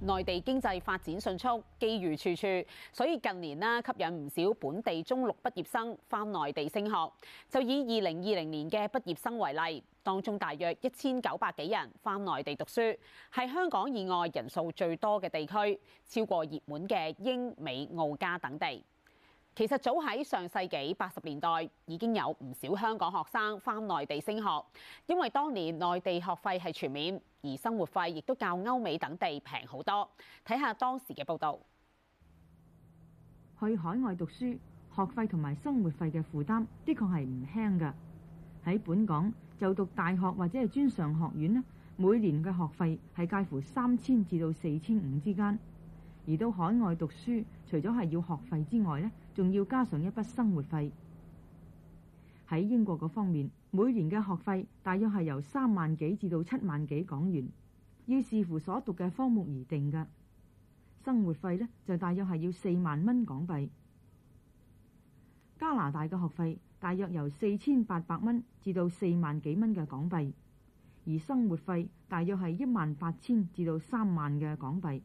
內地經濟發展迅速，機遇處處，所以近年呢吸引唔少本地中六畢業生返內地升學。就以二零二零年嘅畢業生為例，當中大約一千九百幾人返內地讀書，係香港以外人數最多嘅地區，超過熱門嘅英美澳加等地。其實早喺上世紀八十年代已經有唔少香港學生返內地升學，因為當年內地學費係全免，而生活費亦都較歐美等地平好多。睇下當時嘅報道，去海外讀書，學費同埋生活費嘅負擔的確係唔輕噶。喺本港就讀大學或者係專上學院呢，每年嘅學費係介乎三千至到四千五之間。而到海外讀書，除咗係要學費之外呢，仲要加上一筆生活費。喺英國嗰方面，每年嘅學費大約係由三萬幾至到七萬幾港元，要視乎所讀嘅科目而定㗎。生活費呢，就大約係要四萬蚊港幣。加拿大嘅學費大約由四千八百蚊至到四萬幾蚊嘅港幣，而生活費大約係一萬八千至到三萬嘅港幣。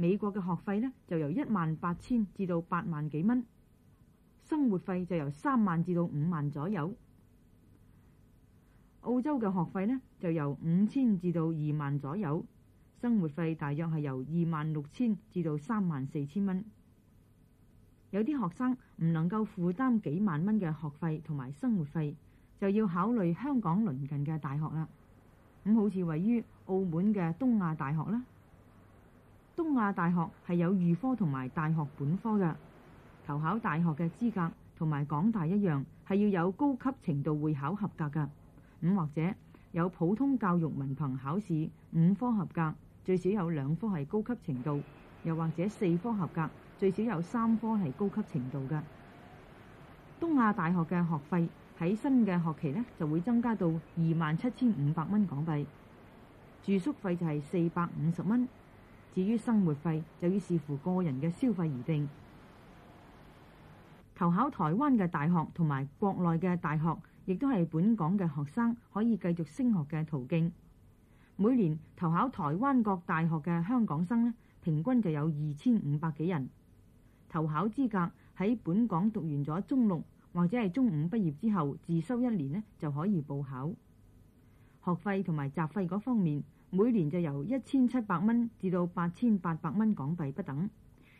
美國嘅學費呢，就由一萬八千至到八萬幾蚊，生活費就由三萬至到五萬左右。澳洲嘅學費呢，就由五千至到二萬左右，生活費大約係由二萬六千至到三萬四千蚊。有啲學生唔能夠負擔幾萬蚊嘅學費同埋生活費，就要考慮香港鄰近嘅大學啦。咁好似位於澳門嘅東亞大學啦。東亞大學係有預科同埋大學本科嘅，投考大學嘅資格同埋港大一樣，係要有高級程度會考合格嘅。咁或者有普通教育文憑考試五科合格，最少有兩科係高級程度；又或者四科合格，最少有三科係高級程度嘅。東亞大學嘅學費喺新嘅學期呢，就會增加到二萬七千五百蚊港幣，住宿費就係四百五十蚊。至於生活費就要視乎個人嘅消費而定。投考台灣嘅大學同埋國內嘅大學，亦都係本港嘅學生可以繼續升學嘅途徑。每年投考台灣各大學嘅香港生呢，平均就有二千五百幾人。投考資格喺本港讀完咗中六或者係中五畢業之後，自修一年呢，就可以報考。學費同埋雜費嗰方面，每年就由一千七百蚊至到八千八百蚊港幣不等，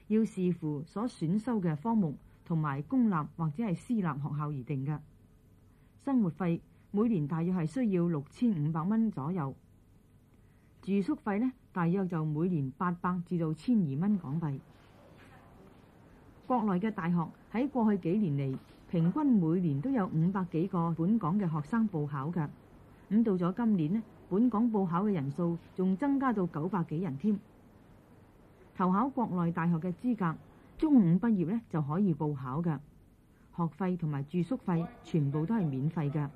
要視乎所選修嘅科目同埋公立或者係私立學校而定嘅。生活費每年大約係需要六千五百蚊左右，住宿費呢，大約就每年八百至到千二蚊港幣。國內嘅大學喺過去幾年嚟，平均每年都有五百幾個本港嘅學生報考嘅。咁到咗今年咧，本港報考嘅人數仲增加到九百幾人添。投考國內大學嘅資格，中五畢業咧就可以報考噶，學費同埋住宿費全部都係免費噶，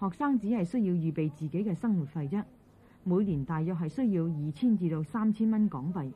學生只係需要預備自己嘅生活費啫，每年大約係需要二千至到三千蚊港幣。